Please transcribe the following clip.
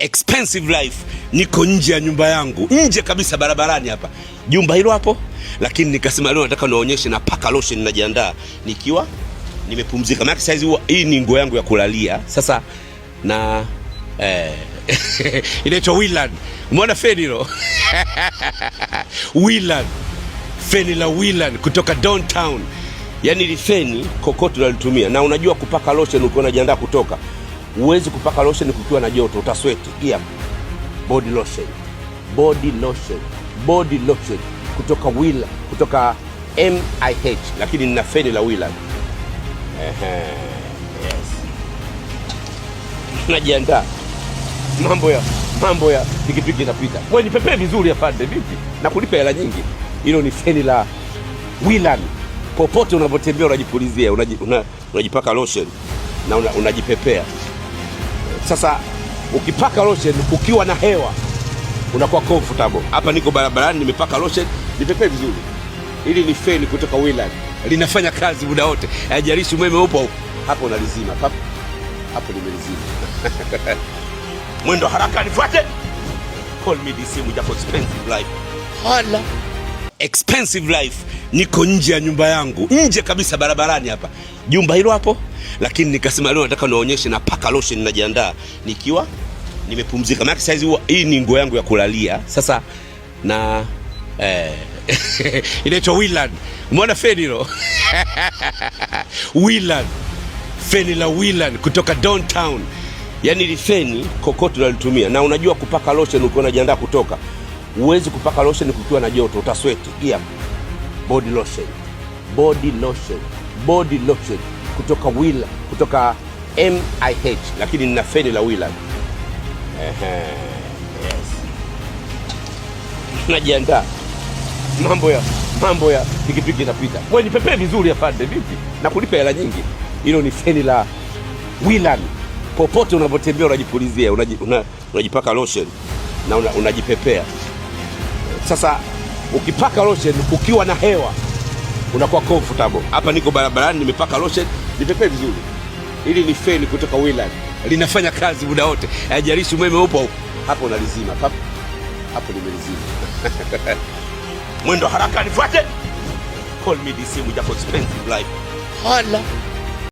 expensive life, niko nje ya nyumba yangu, nje kabisa barabarani hapa, jumba hilo hapo. Lakini nikasema leo nataka niwaonyeshe na paka lotion najiandaa nikiwa nimepumzika, maana saizi hii ni nguo yangu ya kulalia sasa na eh, inaitwa Willard Umeona feni hilo Willard feni la Willard kutoka downtown. Yani ile feni kokoto unalitumia, na unajua kupaka lotion uko unajiandaa kutoka Huwezi kupaka lotion kukiwa na joto, utasweti. Gia body lotion, body lotion, body lotion kutoka Willa, kutoka MIH, lakini nina feni la Willa. Ehe, yes. Najiandaa, mambo ya mambo ya pikipiki inapita. Wewe nipepee vizuri afande, vipi? na kulipa hela nyingi. Hilo ni feni la Willan. Popote unapotembea unajipulizia, unajipaka lotion na unajipepea. Sasa ukipaka lotion ukiwa na hewa unakuwa comfortable. Hapa niko barabarani, nimepaka lotion, nipepe vizuri. ili ni feni kutoka Wildland, linafanya kazi muda wote, haijalishi umeme upo hapo, unalizima hapo hapo, nimelizima mwendo haraka, nifuate. Call me this simu japo expensive life hala expensive life, niko nje ya nyumba yangu, nje kabisa barabarani hapa, jumba hilo hapo. Lakini nikasema leo nataka niwaonyeshe na paka lotion ninajiandaa nikiwa nimepumzika, maana saizi hii ni nguo yangu ya kulalia sasa na eh, inaitwa Willard Umeona feni hilo Willard feni la Willard kutoka downtown, yani ile feni kokoto unalitumia, na unajua kupaka lotion uko unajiandaa kutoka Huwezi kupaka lotion kukiwa na joto, utasweti. Gia body lotion, body lotion, body lotion kutoka Willa, kutoka MIH, lakini nina feni la Willa. Ehe, yes. Najiandaa, mambo ya mambo ya pikipiki inapita. Wewe nipepee vizuri afande, vipi? na kulipa hela nyingi. Hilo ni feni la Willan. Popote unapotembea unajipulizia, unajipaka lotion na unajipepea. Sasa ukipaka lotion ukiwa na hewa unakuwa comfortable. Hapa niko barabarani, nimepaka lotion, nipepe vizuri. Hili ni feni kutoka Wayland, linafanya kazi muda wote, haijalishi umeme upo hapo, unalizima hapo hapo, nimelizima mwendo haraka, nifuate. Call me this, japo expensive life hala